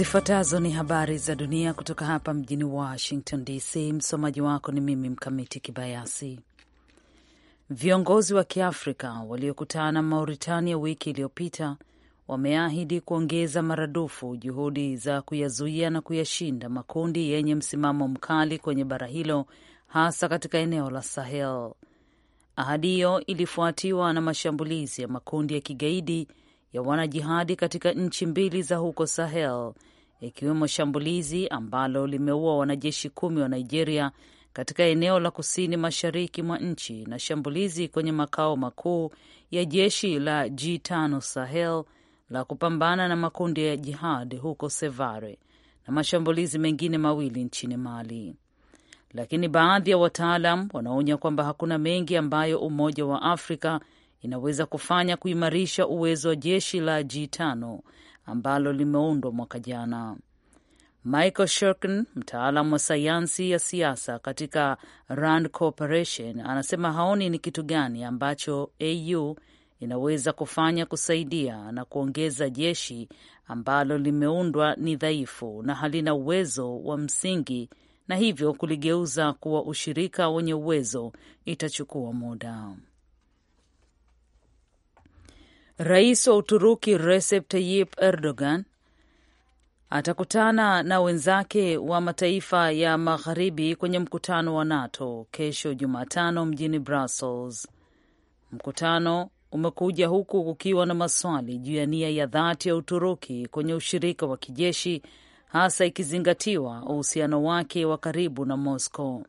Zifuatazo ni habari za dunia kutoka hapa mjini Washington DC. Msomaji wako ni mimi Mkamiti Kibayasi. Viongozi wa Kiafrika waliokutana Mauritania wiki iliyopita wameahidi kuongeza maradufu juhudi za kuyazuia na kuyashinda makundi yenye msimamo mkali kwenye bara hilo, hasa katika eneo la Sahel. Ahadi hiyo ilifuatiwa na mashambulizi ya makundi ya kigaidi ya wanajihadi katika nchi mbili za huko Sahel, ikiwemo shambulizi ambalo limeua wanajeshi kumi wa Nigeria katika eneo la kusini mashariki mwa nchi na shambulizi kwenye makao makuu ya jeshi la G5 Sahel la kupambana na makundi ya jihad huko Sevare na mashambulizi mengine mawili nchini Mali. Lakini baadhi ya wataalam wanaonya kwamba hakuna mengi ambayo Umoja wa Afrika inaweza kufanya kuimarisha uwezo wa jeshi la G5 ambalo limeundwa mwaka jana. Michael Shirkin, mtaalam wa sayansi ya siasa katika Rand Corporation, anasema haoni ni kitu gani ambacho AU inaweza kufanya kusaidia na kuongeza jeshi ambalo limeundwa ni dhaifu na halina uwezo wa msingi, na hivyo kuligeuza kuwa ushirika wenye uwezo itachukua muda. Rais wa Uturuki Recep Tayyip Erdogan atakutana na wenzake wa mataifa ya magharibi kwenye mkutano wa NATO kesho Jumatano mjini Brussels. Mkutano umekuja huku kukiwa na maswali juu ya nia ya dhati ya Uturuki kwenye ushirika wa kijeshi, hasa ikizingatiwa uhusiano wake wa karibu na Moscow.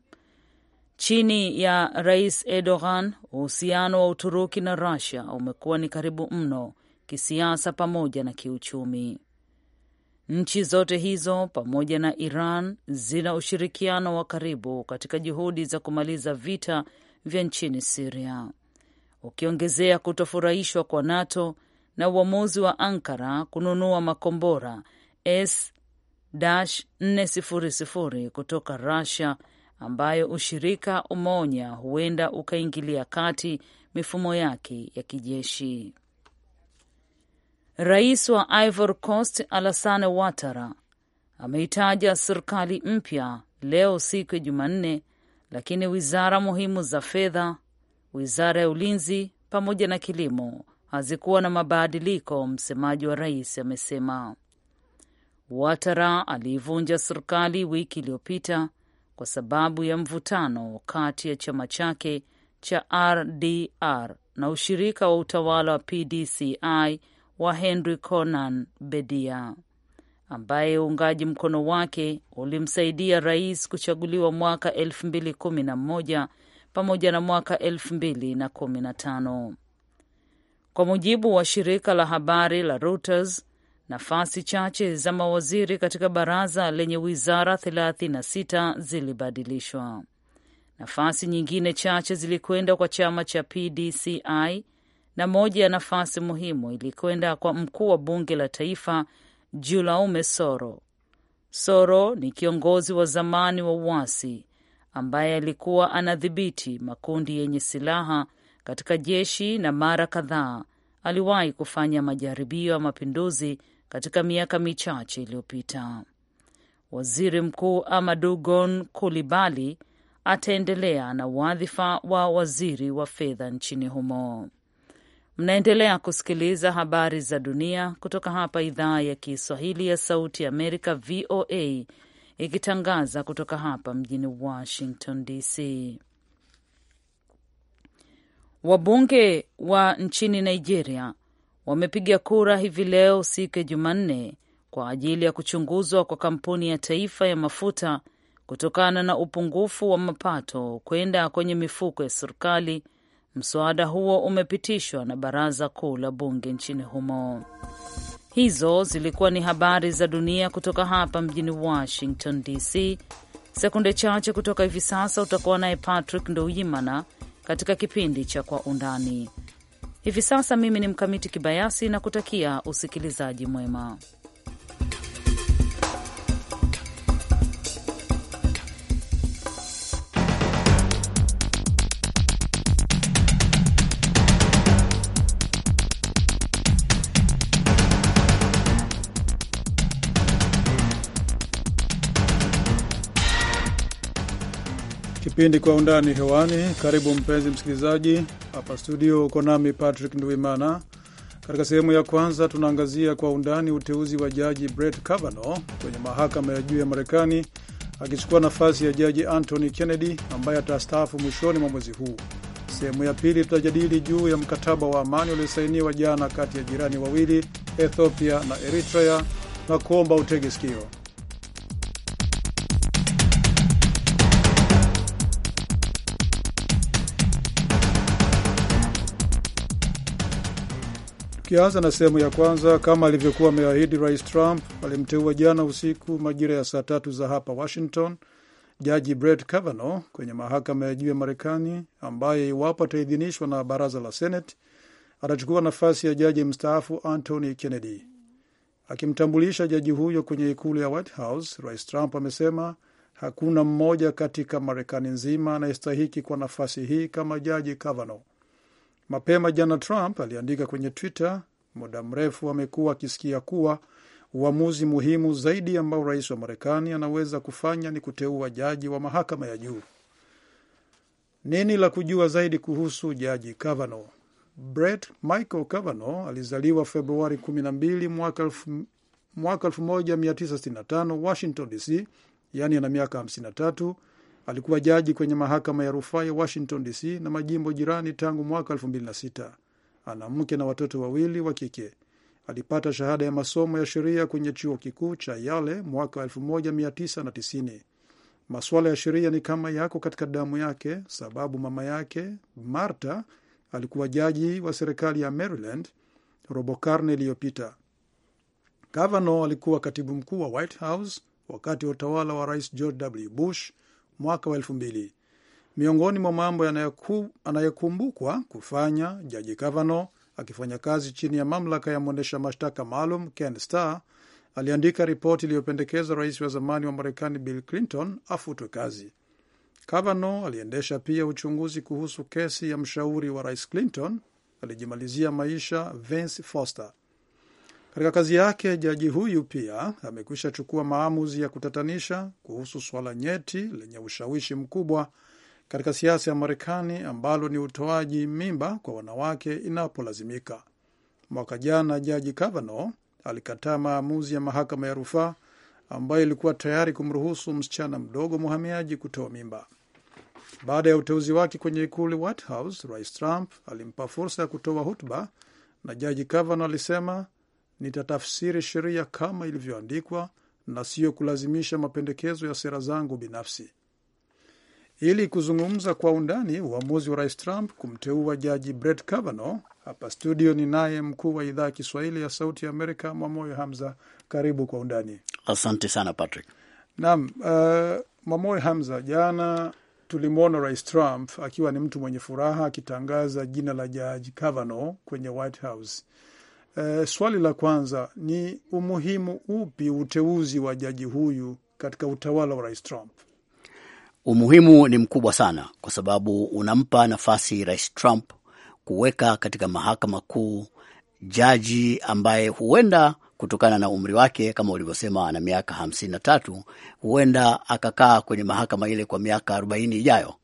Chini ya Rais Erdogan, uhusiano wa Uturuki na rasia umekuwa ni karibu mno kisiasa pamoja na kiuchumi. Nchi zote hizo pamoja na Iran zina ushirikiano wa karibu katika juhudi za kumaliza vita vya nchini Siria, ukiongezea kutofurahishwa kwa NATO na uamuzi wa Ankara kununua makombora S 400 kutoka Rusia ambayo ushirika umeonya huenda ukaingilia kati mifumo yake ya kijeshi. Rais wa Ivory Coast Alassane Ouattara ameitaja serikali mpya leo siku ya Jumanne, lakini wizara muhimu za fedha, wizara ya ulinzi pamoja na kilimo hazikuwa na mabadiliko, msemaji wa rais amesema. Ouattara aliivunja serikali wiki iliyopita kwa sababu ya mvutano kati ya chama chake cha RDR na ushirika wa utawala wa PDCI wa Henry Konan Bedia ambaye uungaji mkono wake ulimsaidia rais kuchaguliwa mwaka 2011 pamoja na mwaka 2015. Kwa mujibu wa shirika la habari la Reuters, nafasi chache za mawaziri katika baraza lenye wizara 36 zilibadilishwa. Nafasi nyingine chache zilikwenda kwa chama cha PDCI na moja ya nafasi muhimu ilikwenda kwa mkuu wa bunge la taifa Julaume Soro. Soro ni kiongozi wa zamani wa uasi ambaye alikuwa anadhibiti makundi yenye silaha katika jeshi na mara kadhaa aliwahi kufanya majaribio ya mapinduzi katika miaka michache iliyopita. Waziri Mkuu Amadu Gon Kulibali ataendelea na wadhifa wa waziri wa fedha nchini humo. Mnaendelea kusikiliza habari za dunia kutoka hapa idhaa ya Kiswahili ya Sauti ya Amerika, VOA, ikitangaza kutoka hapa mjini Washington DC. Wabunge wa nchini Nigeria wamepiga kura hivi leo siku ya Jumanne kwa ajili ya kuchunguzwa kwa kampuni ya taifa ya mafuta kutokana na upungufu wa mapato kwenda kwenye mifuko ya serikali. Mswada huo umepitishwa na baraza kuu la bunge nchini humo. Hizo zilikuwa ni habari za dunia kutoka hapa mjini Washington DC. Sekunde chache kutoka hivi sasa utakuwa naye Patrick Ndouyimana katika kipindi cha Kwa Undani. Hivi sasa mimi ni Mkamiti Kibayasi na kutakia usikilizaji mwema. Kipindi Kwa Undani hewani. Karibu mpenzi msikilizaji, hapa studio uko nami Patrick Ndwimana. Katika sehemu ya kwanza, tunaangazia kwa undani uteuzi wa jaji Brett Kavanaugh kwenye mahakama ya juu ya Marekani, akichukua nafasi ya jaji Anthony Kennedy ambaye atastaafu mwishoni mwa mwezi huu. Sehemu ya pili, tutajadili juu ya mkataba wa amani uliosainiwa jana kati ya jirani wawili Ethiopia na Eritrea na kuomba utege sikio. Tukianza na sehemu ya kwanza, kama alivyokuwa ameahidi Rais Trump alimteua jana usiku majira ya saa tatu za hapa Washington Jaji Brett Kavanaugh kwenye mahakama ya juu ya Marekani, ambaye iwapo ataidhinishwa na baraza la Senate atachukua nafasi ya jaji mstaafu Anthony Kennedy. Akimtambulisha jaji huyo kwenye ikulu ya White House, Rais Trump amesema hakuna mmoja katika Marekani nzima anayestahiki kwa nafasi hii kama Jaji Kavanaugh. Mapema jana, Trump aliandika kwenye Twitter, muda mrefu amekuwa akisikia kuwa uamuzi muhimu zaidi ambao rais wa Marekani anaweza kufanya ni kuteua jaji wa mahakama ya juu. Nini la kujua zaidi kuhusu jaji Kavanaugh? Brett Michael Kavanaugh alizaliwa Februari 12 mwaka 1965 Washington DC, yaani ana miaka 53 Alikuwa jaji kwenye mahakama ya rufaa ya Washington DC na majimbo jirani tangu mwaka 2006. Ana mke na watoto wawili wa kike. Alipata shahada ya masomo ya sheria kwenye chuo kikuu cha Yale mwaka 1990. Masuala ya sheria ni kama yako katika damu yake, sababu mama yake Martha alikuwa jaji wa serikali ya Maryland robo karne iliyopita. Kavanaugh alikuwa katibu mkuu wa White House wakati wa utawala wa Rais George W. Bush mwaka wa elfu mbili. Miongoni mwa mambo anayekumbukwa kufanya Jaji Kavanaugh akifanya kazi chini ya mamlaka ya mwendesha mashtaka maalum Ken Starr aliandika ripoti iliyopendekeza rais wa zamani wa Marekani Bill Clinton afutwe kazi. Kavanaugh aliendesha pia uchunguzi kuhusu kesi ya mshauri wa rais Clinton alijimalizia maisha Vince Foster. Katika kazi yake, jaji huyu pia amekwisha chukua maamuzi ya kutatanisha kuhusu swala nyeti lenye ushawishi mkubwa katika siasa ya Marekani ambalo ni utoaji mimba kwa wanawake inapolazimika. Mwaka jana jaji Kavanaugh alikataa maamuzi ya mahakama ya rufaa ambayo ilikuwa tayari kumruhusu msichana mdogo mhamiaji kutoa mimba. Baada ya uteuzi wake kwenye ikulu White House, Rais Trump alimpa fursa ya kutoa hotuba na jaji Kavanaugh alisema nitatafsiri sheria kama ilivyoandikwa na siyo kulazimisha mapendekezo ya sera zangu binafsi. Ili kuzungumza kwa undani uamuzi wa rais Trump kumteua jaji Brett Kavanaugh, hapa studio ni naye mkuu wa idhaa ya Kiswahili ya Sauti ya Amerika, Mwamoyo Hamza. Karibu kwa undani. Asante sana Patrick. Naam, uh, Mwamoyo Hamza, jana tulimwona rais Trump akiwa ni mtu mwenye furaha akitangaza jina la jaji Kavanaugh kwenye White House. E, swali la kwanza ni umuhimu upi uteuzi wa jaji huyu katika utawala wa Rais Trump? Umuhimu ni mkubwa sana, kwa sababu unampa nafasi Rais Trump kuweka katika mahakama kuu jaji ambaye huenda kutokana na umri wake kama ulivyosema, ana miaka hamsini na tatu, huenda akakaa kwenye mahakama ile kwa miaka arobaini ijayo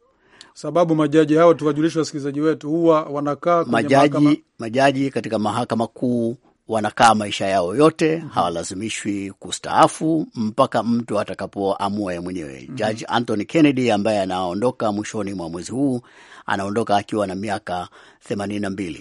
sababu majaji hao, tuwajulishe wasikilizaji wetu, huwa wanakaa majaji mahakama... majaji katika mahakama kuu wanakaa maisha yao yote mm -hmm. Hawalazimishwi kustaafu mpaka mtu atakapoamua yeye mwenyewe mm -hmm. Judge Anthony Kennedy ambaye anaondoka mwishoni mwa mwezi huu anaondoka akiwa na miaka themanini na mbili,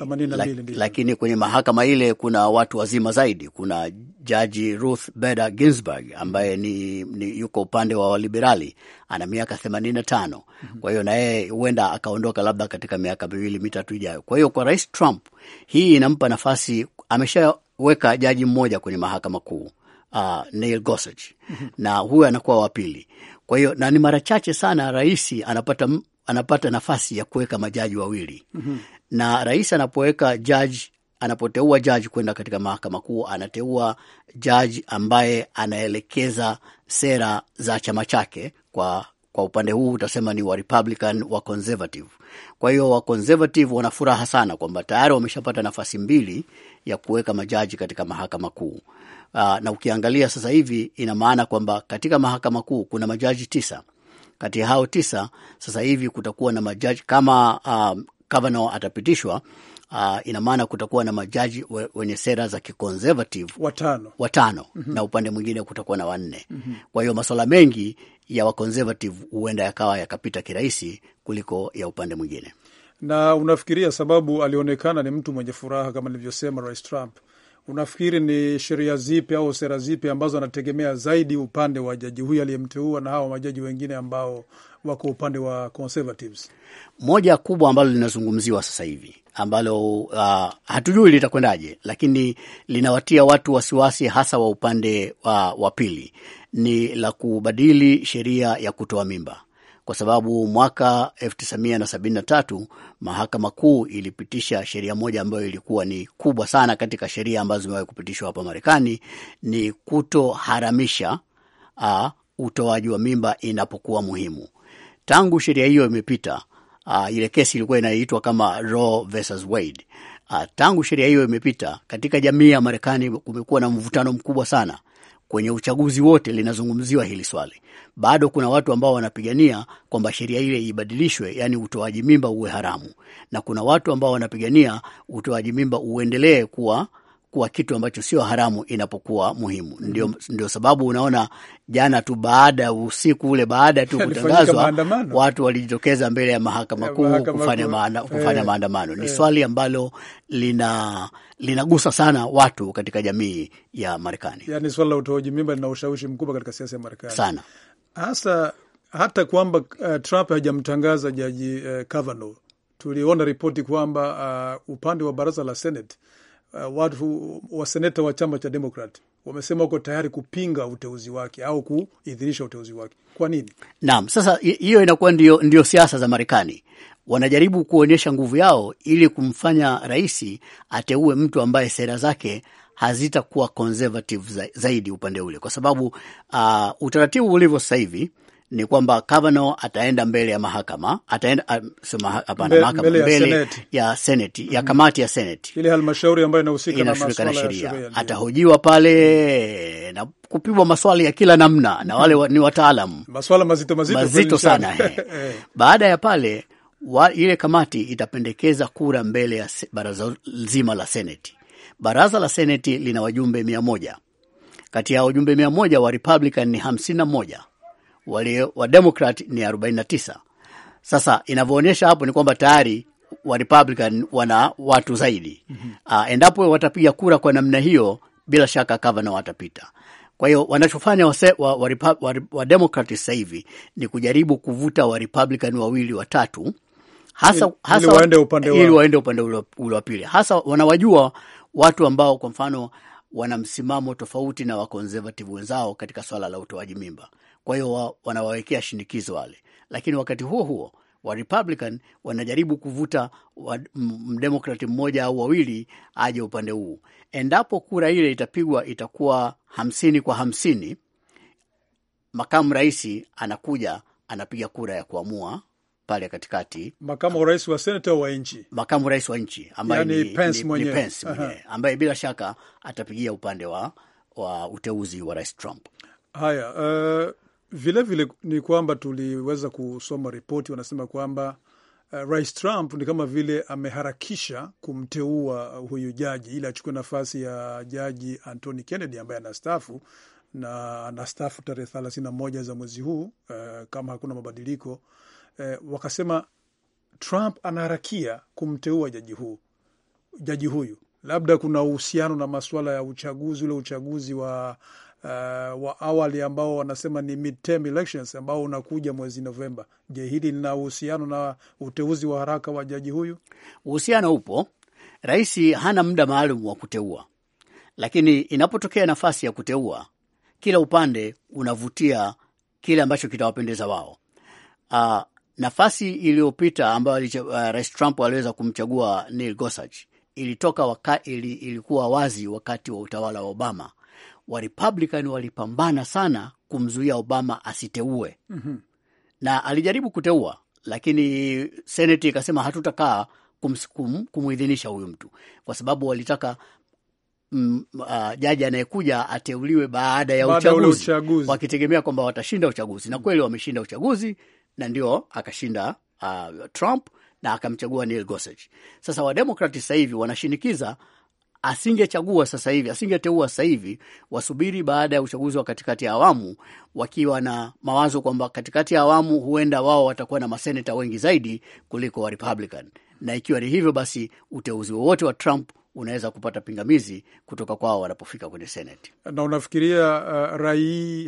lakini kwenye mahakama ile kuna watu wazima zaidi. Kuna jaji Ruth Bader Ginsburg ambaye ni, ni yuko upande wa waliberali ana miaka themanini na tano. Mhm. Kwa hiyo na yeye huenda akaondoka labda katika miaka miwili mitatu ijayo. Kwa hiyo kwa Rais Trump hii inampa nafasi, ameshaweka jaji mmoja kwenye mahakama kuu Uh, Neil Gorsuch mhm. na huyo anakuwa wa pili. Kwa hiyo na ni mara chache sana rais anapata anapata nafasi ya kuweka majaji wawili mm -hmm. na rais anapoweka jaji anapoteua jaji kwenda katika mahakama kuu anateua jaji ambaye anaelekeza sera za chama chake kwa kwa upande huu utasema ni wa Republican, wa Conservative. Kwa hiyo wa Conservative wana furaha sana kwamba tayari wameshapata nafasi mbili ya kuweka majaji katika mahakama kuu. Uh, na ukiangalia sasa hivi ina maana kwamba katika mahakama kuu kuna majaji tisa kati ya hao tisa sasa hivi kutakuwa na majaji kama um, Kavanaugh atapitishwa Uh, ina maana kutakuwa na majaji we, wenye sera za kiconservative watano, watano. Mm -hmm. Na upande mwingine kutakuwa na wanne. Mm -hmm. Kwa hiyo masuala mengi ya waconservative huenda yakawa yakapita kirahisi kuliko ya upande mwingine. Na unafikiria sababu alionekana ni mtu mwenye furaha kama nilivyosema, Rais Trump unafikiri ni sheria zipi au sera zipi ambazo anategemea zaidi upande wa jaji huyu aliyemteua na hawa majaji wengine ambao wako upande wa conservatives? Moja kubwa ambalo linazungumziwa sasa hivi ambalo uh, hatujui litakwendaje, lakini linawatia watu wasiwasi, hasa wa upande wa, wa pili ni la kubadili sheria ya kutoa mimba kwa sababu mwaka 1973 mahakama kuu ilipitisha sheria moja ambayo ilikuwa ni kubwa sana katika sheria ambazo zimewahi kupitishwa hapa Marekani, ni kutoharamisha utoaji wa mimba inapokuwa muhimu. Tangu sheria hiyo imepita, ile kesi ilikuwa inaitwa kama Roe versus Wade. Tangu sheria hiyo imepita, katika jamii ya Marekani kumekuwa na mvutano mkubwa sana kwenye uchaguzi wote linazungumziwa hili swali. Bado kuna watu ambao wanapigania kwamba sheria ile ibadilishwe, yaani utoaji mimba uwe haramu, na kuna watu ambao wanapigania utoaji mimba uendelee kuwa kuwa kitu ambacho sio haramu inapokuwa muhimu. Ndio, ndio sababu unaona jana tu baada ya usiku ule baada tu kutangazwa watu walijitokeza mbele ya mahakama kuu kufanya maana, eh, kufanya maandamano. Ni eh. swali ambalo lina linagusa sana watu katika jamii ya Marekani. Yani swala la utoaji mimba lina ushawishi mkubwa katika siasa ya Marekani sana hasa hata kwamba uh, Trump hajamtangaza jaji uh, Kavanaugh. Tuliona ripoti kwamba uh, upande wa baraza la Senate uh, watu waseneta wa chama cha Demokrat wamesema wako tayari kupinga uteuzi wake au kuidhinisha uteuzi wake. Kwa nini? Naam, sasa hiyo inakuwa ndio, ndio siasa za Marekani. Wanajaribu kuonyesha nguvu yao ili kumfanya rais ateue mtu ambaye sera zake hazitakuwa conservative zaidi upande ule, kwa sababu uh, utaratibu ulivyo sasa hivi ni kwamba Kavanaugh ataenda mbele ya mahakama, ataenda ah, hapana, mahakama mbele ya seneti, ya kamati ya seneti, ile halmashauri ambayo inahusika na masuala ya sheria. Atahojiwa pale na kupigwa maswali ya kila namna na wale ni wataalam maswala mazito mazito, mazito sana he. Eh. Baada ya pale wa, ile kamati itapendekeza kura mbele ya baraza zima la seneti. Baraza la seneti lina wajumbe mia moja kati ya wajumbe mia moja wa Republican ni hamsini na moja walio Wademokrat ni 49. Sasa inavyoonyesha hapo ni kwamba tayari wa Republican wana watu zaidi. mm -hmm. Uh, endapo watapiga kura kwa namna hiyo, bila shaka Kavanaugh watapita. Kwa hiyo wanachofanya wa, wa, wa wa, wa sasa hivi ni kujaribu kuvuta Warepublican wawili watatu, hasa hasa ili waende upande ule wa pili, hasa wanawajua watu ambao kwa mfano wana msimamo tofauti na wakonservative wenzao katika swala la utoaji mimba. Kwa hiyo wa, wanawawekea shinikizo wale, lakini wakati huo huo wa Republican wanajaribu kuvuta wa, mdemokrati mmoja au wawili aje upande huu. Endapo kura ile itapigwa itakuwa hamsini kwa hamsini, makamu rais anakuja anapiga kura ya kuamua pale katikati, makamu rais wa senata wa nchi, makamu rais wa nchi ambaye yani ni Pence mwenyewe, ambaye bila shaka atapigia upande wa, wa uteuzi wa rais Trump. Haya, uh... Vilevile vile ni kwamba tuliweza kusoma ripoti, wanasema kwamba uh, Rais Trump ni kama vile ameharakisha kumteua uh, huyu jaji ili achukue nafasi ya jaji Anthony Kennedy ambaye anastafu na anastafu tarehe thelathini na moja za mwezi huu uh, kama hakuna mabadiliko uh, wakasema Trump anaharakia kumteua jaji huu jaji huyu, labda kuna uhusiano na masuala ya uchaguzi, ule uchaguzi wa uh, wa awali ambao wanasema ni midterm elections ambao unakuja mwezi Novemba. Je, hili lina uhusiano na uteuzi wa haraka wa jaji huyu? Uhusiano upo. Rais hana muda maalum wa kuteua, lakini inapotokea nafasi ya kuteua, kila upande unavutia kile ambacho kitawapendeza wao. Uh, nafasi iliyopita ambayo uh, Rais Trump aliweza kumchagua Neil Gorsuch ilitoka waka, ili, ilikuwa wazi wakati wa utawala wa Obama wa Republican walipambana sana kumzuia Obama asiteue mm -hmm. na alijaribu kuteua, lakini seneti ikasema hatutakaa kumuidhinisha huyu mtu kwa sababu walitaka mm, uh, jaji anayekuja ateuliwe baada ya baada uchaguzi, uchaguzi, wakitegemea kwamba watashinda uchaguzi na kweli wameshinda uchaguzi na ndio akashinda uh, Trump na akamchagua Neil Gorsuch. Sasa wademokrati sasa hivi wanashinikiza asingechagua sasa hivi, asingeteua sasa hivi, wasubiri baada ya uchaguzi wa katikati ya awamu, wakiwa na mawazo kwamba katikati ya awamu huenda wao watakuwa na maseneta wengi zaidi kuliko wa Republican, na ikiwa ni hivyo, basi uteuzi wowote wa Trump unaweza kupata pingamizi kutoka kwao wanapofika kwenye Senate. Na unafikiria uh, rai,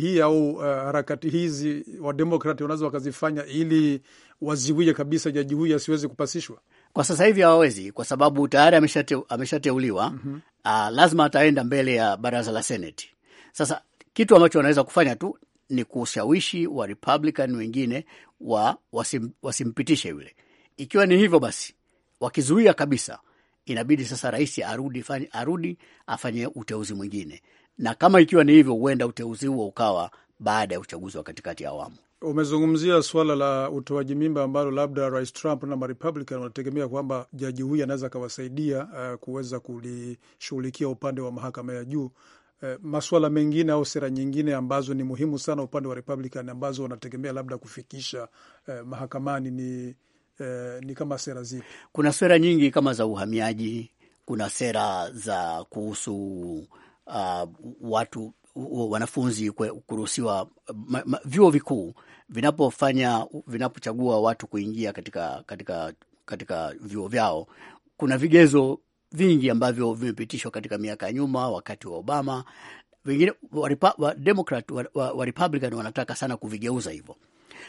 hii au uh, harakati hizi wademokrati wanaweza wakazifanya ili waziwie kabisa jaji huyu asiweze kupasishwa? Kwa sasa hivi hawawezi kwa sababu tayari ameshateuliwa, amesha mm -hmm. uh, ah, lazima ataenda mbele ya baraza la Seneti. Sasa kitu ambacho wanaweza kufanya tu ni kushawishi wa Republican wengine wa wasim, wasimpitishe yule. Ikiwa ni hivyo basi, wakizuia kabisa, inabidi sasa rais arudi, arudi afanye uteuzi mwingine, na kama ikiwa ni hivyo, huenda uteuzi huo ukawa baada ya uchaguzi wa katikati ya awamu. Umezungumzia suala la utoaji mimba ambalo labda Rais Trump na Marepublican wanategemea kwamba jaji huyu anaweza akawasaidia uh, kuweza kulishughulikia upande wa mahakama ya juu. Uh, maswala mengine au sera nyingine ambazo ni muhimu sana upande wa Republican ambazo wanategemea labda kufikisha uh, mahakamani ni, uh, ni kama sera zipi? Kuna sera nyingi kama za uhamiaji, kuna sera za kuhusu uh, watu wanafunzi kuruhusiwa vyuo vikuu vinapofanya vinapochagua watu kuingia katika, katika, katika vyuo vyao, kuna vigezo vingi ambavyo vimepitishwa katika miaka ya nyuma wakati wa Obama. Wengine wa Democrat wa, wa, wa Republican wanataka sana kuvigeuza hivyo.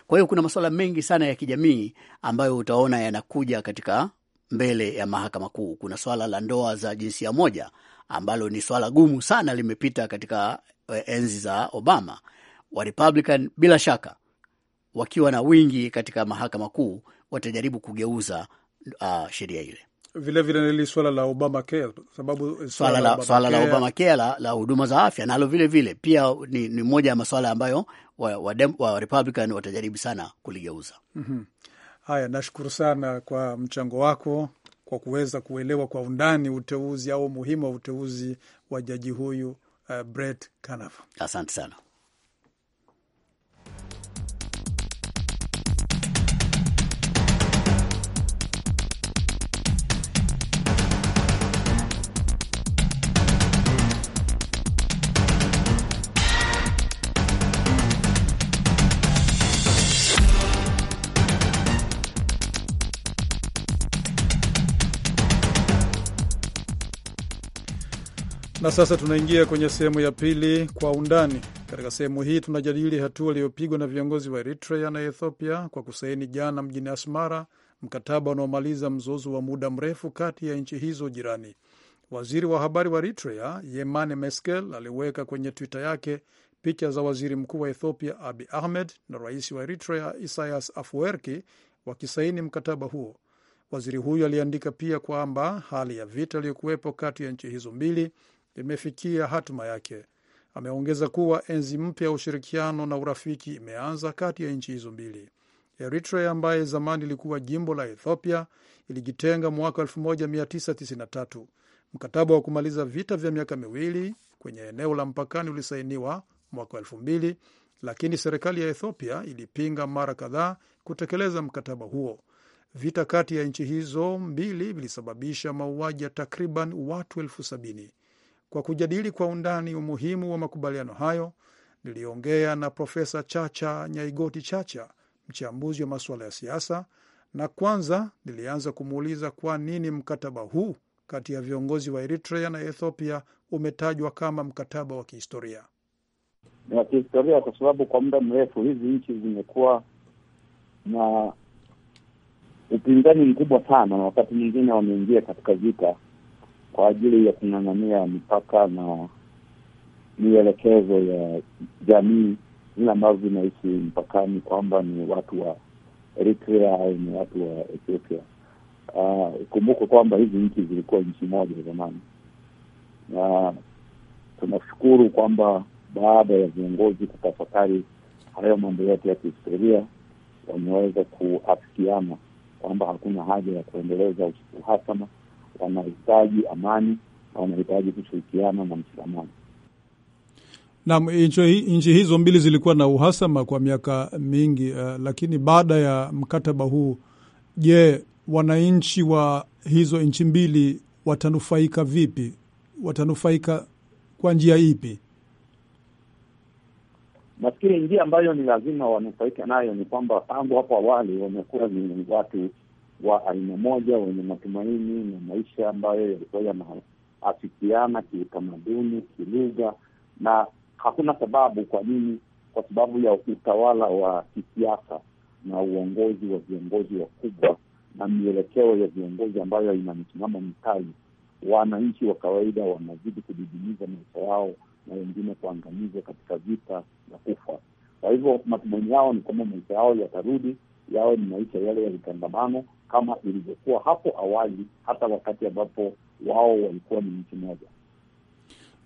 Kwa hiyo kuna masuala mengi sana ya kijamii ambayo utaona yanakuja katika mbele ya mahakama kuu. Kuna swala la ndoa za jinsia moja ambalo ni swala gumu sana, limepita katika eh, enzi za Obama. Wa Republican bila shaka wakiwa na wingi katika mahakama kuu watajaribu kugeuza uh, sheria ile vilevile ni swala la Obamacare sababu swala la la, la huduma za afya nalo vile vilevile pia ni, ni moja ya masuala ambayo wa, wa, dem, wa Republican watajaribu sana kuligeuza. mm -hmm. Haya, nashukuru sana kwa mchango wako kwa kuweza kuelewa kwa undani uteuzi au umuhimu wa uteuzi wa jaji huyu uh, Brett Kavanaugh. Asante sana. Na sasa tunaingia kwenye sehemu ya pili, kwa undani. Katika sehemu hii tunajadili hatua iliyopigwa na viongozi wa Eritrea na Ethiopia kwa kusaini jana mjini Asmara mkataba unaomaliza mzozo wa muda mrefu kati ya nchi hizo jirani. Waziri wa habari wa Eritrea Yemane Meskel aliweka kwenye Twitter yake picha za waziri mkuu wa Ethiopia Abi Ahmed na rais wa Eritrea Isaias Afwerki wakisaini mkataba huo. Waziri huyo aliandika pia kwamba hali ya vita iliyokuwepo kati ya nchi hizo mbili limefikia hatima yake. Ameongeza kuwa enzi mpya ya ushirikiano na urafiki imeanza kati ya nchi hizo mbili. Eritrea ambaye zamani ilikuwa jimbo la Ethiopia ilijitenga mwaka 1993. Mkataba wa kumaliza vita vya miaka miwili kwenye eneo la mpakani ulisainiwa mwaka 2000, lakini serikali ya Ethiopia ilipinga mara kadhaa kutekeleza mkataba huo. Vita kati ya nchi hizo mbili vilisababisha mauaji ya takriban watu elfu sabini. Kwa kujadili kwa undani umuhimu wa makubaliano hayo, niliongea na Profesa Chacha Nyaigoti Chacha, mchambuzi wa masuala ya siasa, na kwanza nilianza kumuuliza kwa nini mkataba huu kati ya viongozi wa Eritrea na Ethiopia umetajwa kama mkataba wa kihistoria. Ni wa kihistoria kwa sababu kwa muda mrefu hizi nchi zimekuwa na upinzani mkubwa sana, na wakati mwingine wameingia katika vita kwa ajili ya kung'ang'ania mipaka na mielekezo ya jamii vile ambavyo vinaishi mpakani, kwamba ni watu wa Eritrea au ni watu wa Ethiopia. Ah, Ikumbukwe uh, kwamba hizi nchi zilikuwa nchi moja zamani, na tunashukuru kwamba baada ya viongozi kutafakari hayo mambo yote ya kihistoria wameweza kuafikiana kwamba hakuna haja ya kuendeleza uhasama wanahitaji amani na wanahitaji kushirikiana na mshikamano. Naam, nchi hizo mbili zilikuwa na uhasama kwa miaka mingi, uh, lakini baada ya mkataba huu, je, wananchi wa hizo nchi mbili watanufaika vipi? Watanufaika kwa njia ipi? Nafikiri njia ambayo ni lazima wanufaika nayo ni kwamba tangu hapo awali wamekuwa ni watu wa aina moja wenye matumaini na maisha ambayo yalikuwa yanaafikiana kiutamaduni, kilugha, na hakuna sababu kwa nini, kwa sababu ya utawala wa kisiasa na uongozi wa viongozi wakubwa na mielekeo ya viongozi ambayo ina msimamo mkali, wananchi wa kawaida wanazidi kudidimiza maisha yao na wengine kuangamizwa katika vita na kufa. Kwa hivyo matumaini yao ni kwamba maisha yao yatarudi, yao ni maisha yale ya utangamano kama ilivyokuwa hapo awali, hata wakati ambapo wao walikuwa ni nchi moja.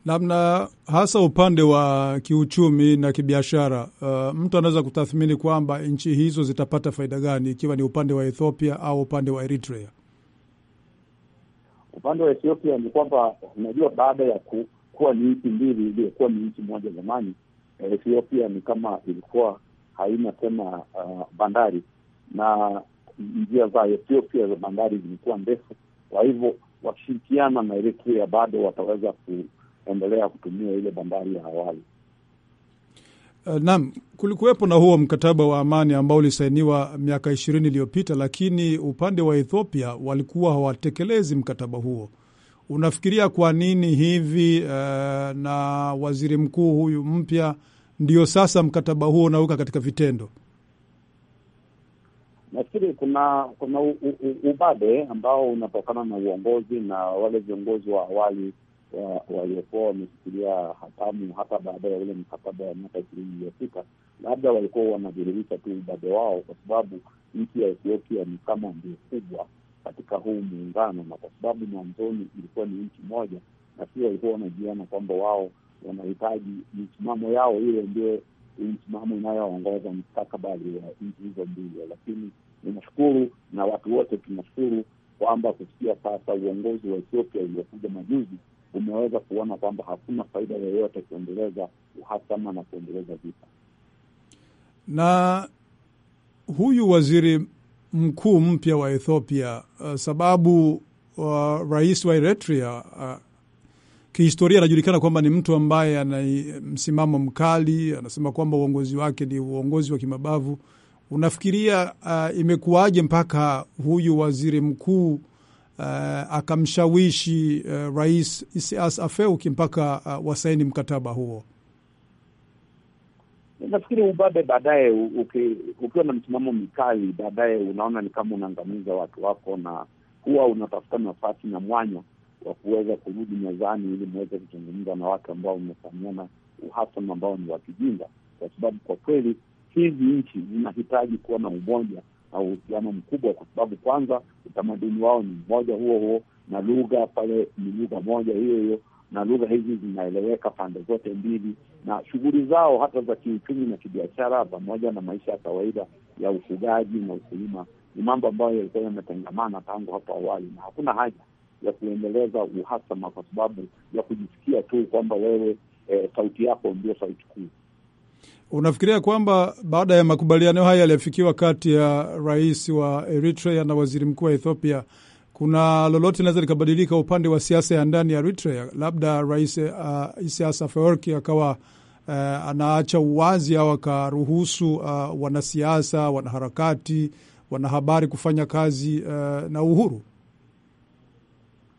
Namna hasa upande wa kiuchumi na kibiashara, uh, mtu anaweza kutathmini kwamba nchi hizo zitapata faida gani, ikiwa ni upande wa Ethiopia au upande wa Eritrea? Upande wa Ethiopia ni kwamba unajua, baada ya ku, kuwa ni nchi mbili iliyokuwa ni nchi moja zamani, Ethiopia ni kama ilikuwa haina tena uh, bandari na njia za Ethiopia za bandari zilikuwa ndefu. Kwa hivyo wakishirikiana na Eritrea bado wataweza kuendelea kutumia ile bandari ya awali. Uh, eh, naam, kulikuwepo na huo mkataba wa amani ambao ulisainiwa miaka ishirini iliyopita, lakini upande wa Ethiopia walikuwa hawatekelezi mkataba huo. Unafikiria kwa nini hivi? Uh, na waziri mkuu huyu mpya ndio sasa mkataba huo unaweka katika vitendo. Nafikiri kuna kuna u, u, ubabe ambao unatokana na uongozi na wale viongozi wa awali waliokuwa wameshikilia hatamu hata baada ya ule mkataba wa miaka ishirini iliyopita, labda walikuwa wanadhihirisha tu ubabe wao, kwa sababu nchi ya Ethiopia ni kama ndio kubwa katika huu muungano, na kwa sababu mwanzoni ilikuwa ni nchi moja, na pia walikuwa wanajiana kwamba wao wanahitaji misimamo yao ile ndio msimamo inayoongoza mstakabali wa nchi hizo mbili, lakini Ninashukuru na watu wote tunashukuru kwamba kufikia sasa uongozi wa Ethiopia uliokuja majuzi umeweza kuona kwamba hakuna faida yoyote kuendeleza uhasama na kuendeleza vita. Na huyu waziri mkuu mpya wa Ethiopia uh, sababu uh, rais wa Eritrea uh, kihistoria anajulikana kwamba ni mtu ambaye ana msimamo mkali, anasema kwamba uongozi wake ni uongozi wa kimabavu. Unafikiria uh, imekuwaje mpaka huyu waziri mkuu uh, akamshawishi uh, rais Isaias Afwerki mpaka uh, wasaini mkataba huo? Nafikiri ubabe baadaye, ukiwa na msimamo mikali baadaye unaona ni kama unaangamiza watu wako, na huwa unatafuta nafasi na mwanya wa kuweza kurudi mezani ili mweze kuzungumza na watu ambao mmefanyana uhasama ambao ni wa kijinga, kwa sababu kwa kweli hizi nchi zinahitaji kuwa na umoja na uhusiano mkubwa, kwa sababu kwanza utamaduni wao ni mmoja huo huo, na lugha pale ni lugha moja hiyo hiyo, na lugha hizi zinaeleweka pande zote mbili, na shughuli zao hata za kiuchumi na kibiashara, pamoja na maisha ya kawaida ya ufugaji na ukulima, ni mambo ambayo yalikuwa yametengamana tangu hapo awali, na hakuna haja ya kuendeleza uhasama kwa sababu ya kujisikia tu kwamba wewe e, sauti yako ndio sauti kuu. Unafikiria kwamba baada ya makubaliano haya yaliyofikiwa kati ya rais wa Eritrea na waziri mkuu wa Ethiopia, kuna lolote linaweza likabadilika upande wa siasa ya ndani ya Eritrea? Labda rais uh, Isaias Afwerki akawa uh, anaacha uwazi au akaruhusu uh, wanasiasa, wanaharakati, wanahabari kufanya kazi uh, na uhuru.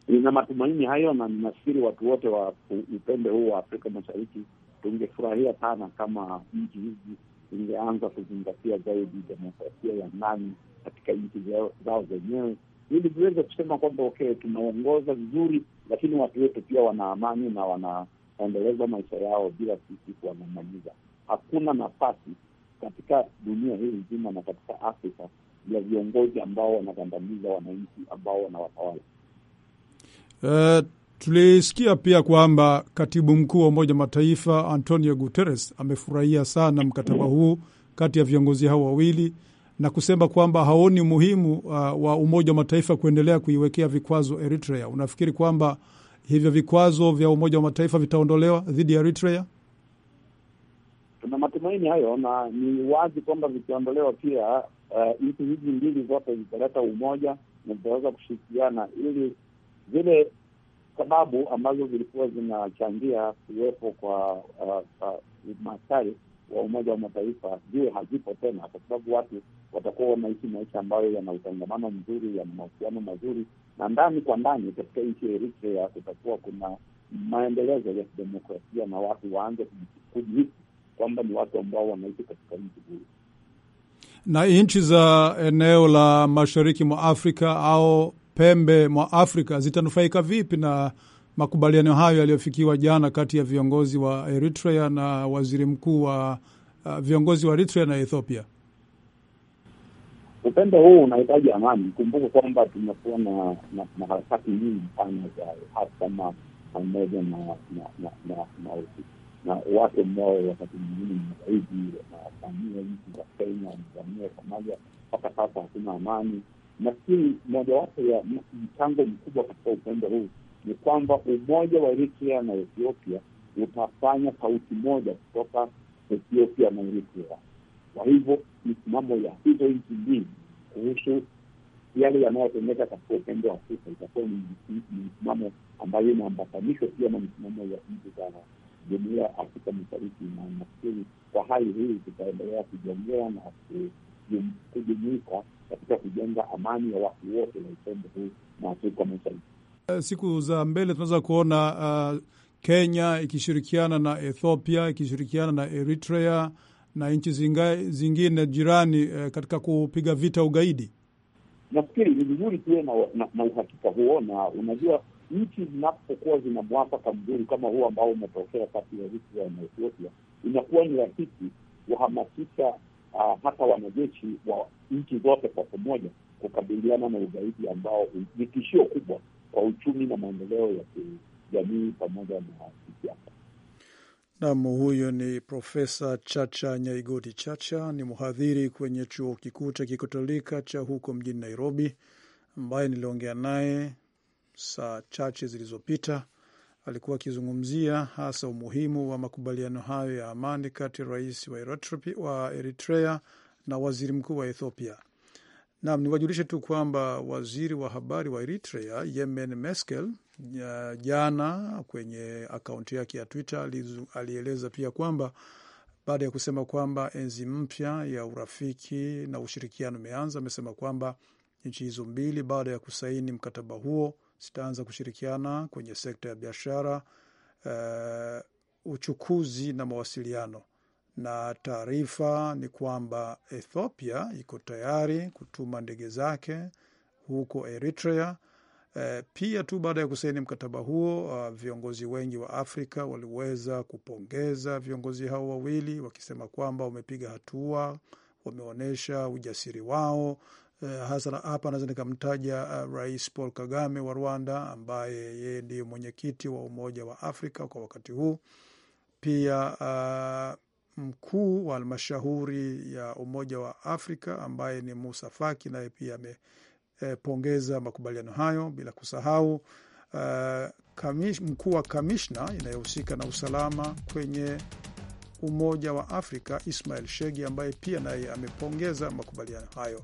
Nina matumaini hayo, na ninafikiri watu wote wa upembe huu wa Afrika Mashariki tungefurahia sana kama nchi hizi zingeanza kuzingatia zaidi demokrasia ya ndani katika nchi zao zenyewe, ili tuweze kusema kwamba okay, tunaongoza vizuri, lakini watu wetu pia wana amani na wanaendeleza maisha yao bila sisi kuwamamaliza. Hakuna nafasi katika dunia hii nzima na katika Afrika ya viongozi ambao wanagandamiza wananchi ambao wanawatawala. Uh, Tulisikia pia kwamba katibu mkuu wa Umoja Mataifa Antonio Guterres amefurahia sana mkataba huu kati ya viongozi hao wawili na kusema kwamba haoni umuhimu uh, wa Umoja wa Mataifa kuendelea kuiwekea vikwazo Eritrea. Unafikiri kwamba hivyo vikwazo vya Umoja wa Mataifa vitaondolewa dhidi ya Eritrea? Tuna matumaini hayo, na ni wazi kwamba vikiondolewa pia uh, nchi uh, hizi mbili zote zitaleta umoja na zitaweza kushirikiana ili zile sababu ambazo zilikuwa zinachangia kuwepo kwa uh, uh, maskari wa Umoja wa Mataifa jue hazipo tena, kwa sababu watu watakuwa wanaishi maisha ambayo yana utangamano mzuri, yana mahusiano mazuri, na ndani kwa ndani katika nchi ya Eritrea kutakuwa kuna maendelezo ya kidemokrasia na watu waanze kujihisi kwamba ni watu ambao wanaishi katika nchi huru na nchi za eneo la mashariki mwa Afrika au pembe mwa Afrika zitanufaika vipi na makubaliano hayo yaliyofikiwa jana kati ya viongozi wa Eritrea na waziri mkuu wa uh, viongozi wa Eritrea na Ethiopia? Upembe huu unahitaji amani. Kumbuka kwamba tumekuwa na na harakati nyingi sana za uhasama pamoja na na na na watu ambao wakati mwingine magaidi wanavamia nchi za Kenya, wanavamia Somalia. Mpaka sasa hakuna amani. Nafikiri mojawapo ya mchango mkubwa katika upendo huu ni kwamba umoja wa Eritrea na Ethiopia utafanya sauti moja kutoka Ethiopia na Eritrea. Kwa hivyo misimamo ya hizo nchi mbili kuhusu yale yanayotendeka katika upendo wa Afrika itakuwa ni misimamo ambayo inaambatanishwa pia na misimamo ya nchi za jumuia ya Afrika Mashariki, na nafikiri kwa hali hii tutaendelea kujongea na kujumuika katika kujenga amani ya watu wote na upembe huu na Afrika Mashariki. Eh, siku za mbele tunaweza kuona uh, Kenya ikishirikiana na Ethiopia ikishirikiana na Eritrea na nchi zingine jirani uh, katika kupiga vita ugaidi. Nafikiri ni vizuri tuwe na, na, na uhakika huo, na unajua nchi zinapokuwa zina mwafaka mzuri kama huo ambao umetokea kati ya Eritrea na Ethiopia, inakuwa ni rahisi kuhamasisha uh, ah, hata wanajeshi wa nchi zote kwa pamoja kukabiliana na ugaidi ambao ni tishio kubwa kwa uchumi na maendeleo ya kijamii pamoja na kisiasa. Nam, huyo ni Profesa Chacha Nyaigoti Chacha, ni mhadhiri kwenye chuo kikuu cha kikatolika cha huko mjini Nairobi, ambaye niliongea naye saa chache zilizopita alikuwa akizungumzia hasa umuhimu wa makubaliano hayo ya amani kati ya rais wa Eritrea na waziri mkuu wa Ethiopia. Nam, niwajulishe tu kwamba waziri wa habari wa Eritrea Yemen Meskel jana kwenye akaunti yake ya Twitter alieleza pia kwamba baada ya kusema kwamba enzi mpya ya urafiki na ushirikiano imeanza, amesema kwamba nchi hizo mbili baada ya kusaini mkataba huo zitaanza kushirikiana kwenye sekta ya biashara, uh, uchukuzi na mawasiliano. Na taarifa ni kwamba Ethiopia iko tayari kutuma ndege zake huko Eritrea. Uh, pia tu baada ya kusaini mkataba huo, uh, viongozi wengi wa Afrika waliweza kupongeza viongozi hao wawili wakisema kwamba wamepiga hatua, wameonyesha ujasiri wao Eh, hasa hapa naweza nikamtaja uh, Rais Paul Kagame wa Rwanda ambaye yeye ndiye mwenyekiti wa Umoja wa Afrika kwa wakati huu. Pia uh, mkuu wa halmashauri ya Umoja wa Afrika ambaye ni Musa Faki naye pia amepongeza makubaliano hayo, bila kusahau uh, kamish, mkuu wa kamishna inayohusika na usalama kwenye Umoja wa Afrika Ismail Shegi ambaye pia naye amepongeza makubaliano hayo.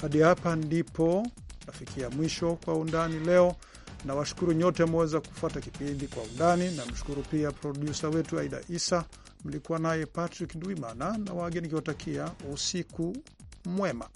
Hadi hapa ndipo nafikia mwisho kwa undani leo. Nawashukuru nyote ameweza kufuata kipindi kwa undani. Namshukuru pia produsa wetu Aida Isa, mlikuwa naye Patrick Duimana na wageni, nikiwatakia usiku mwema.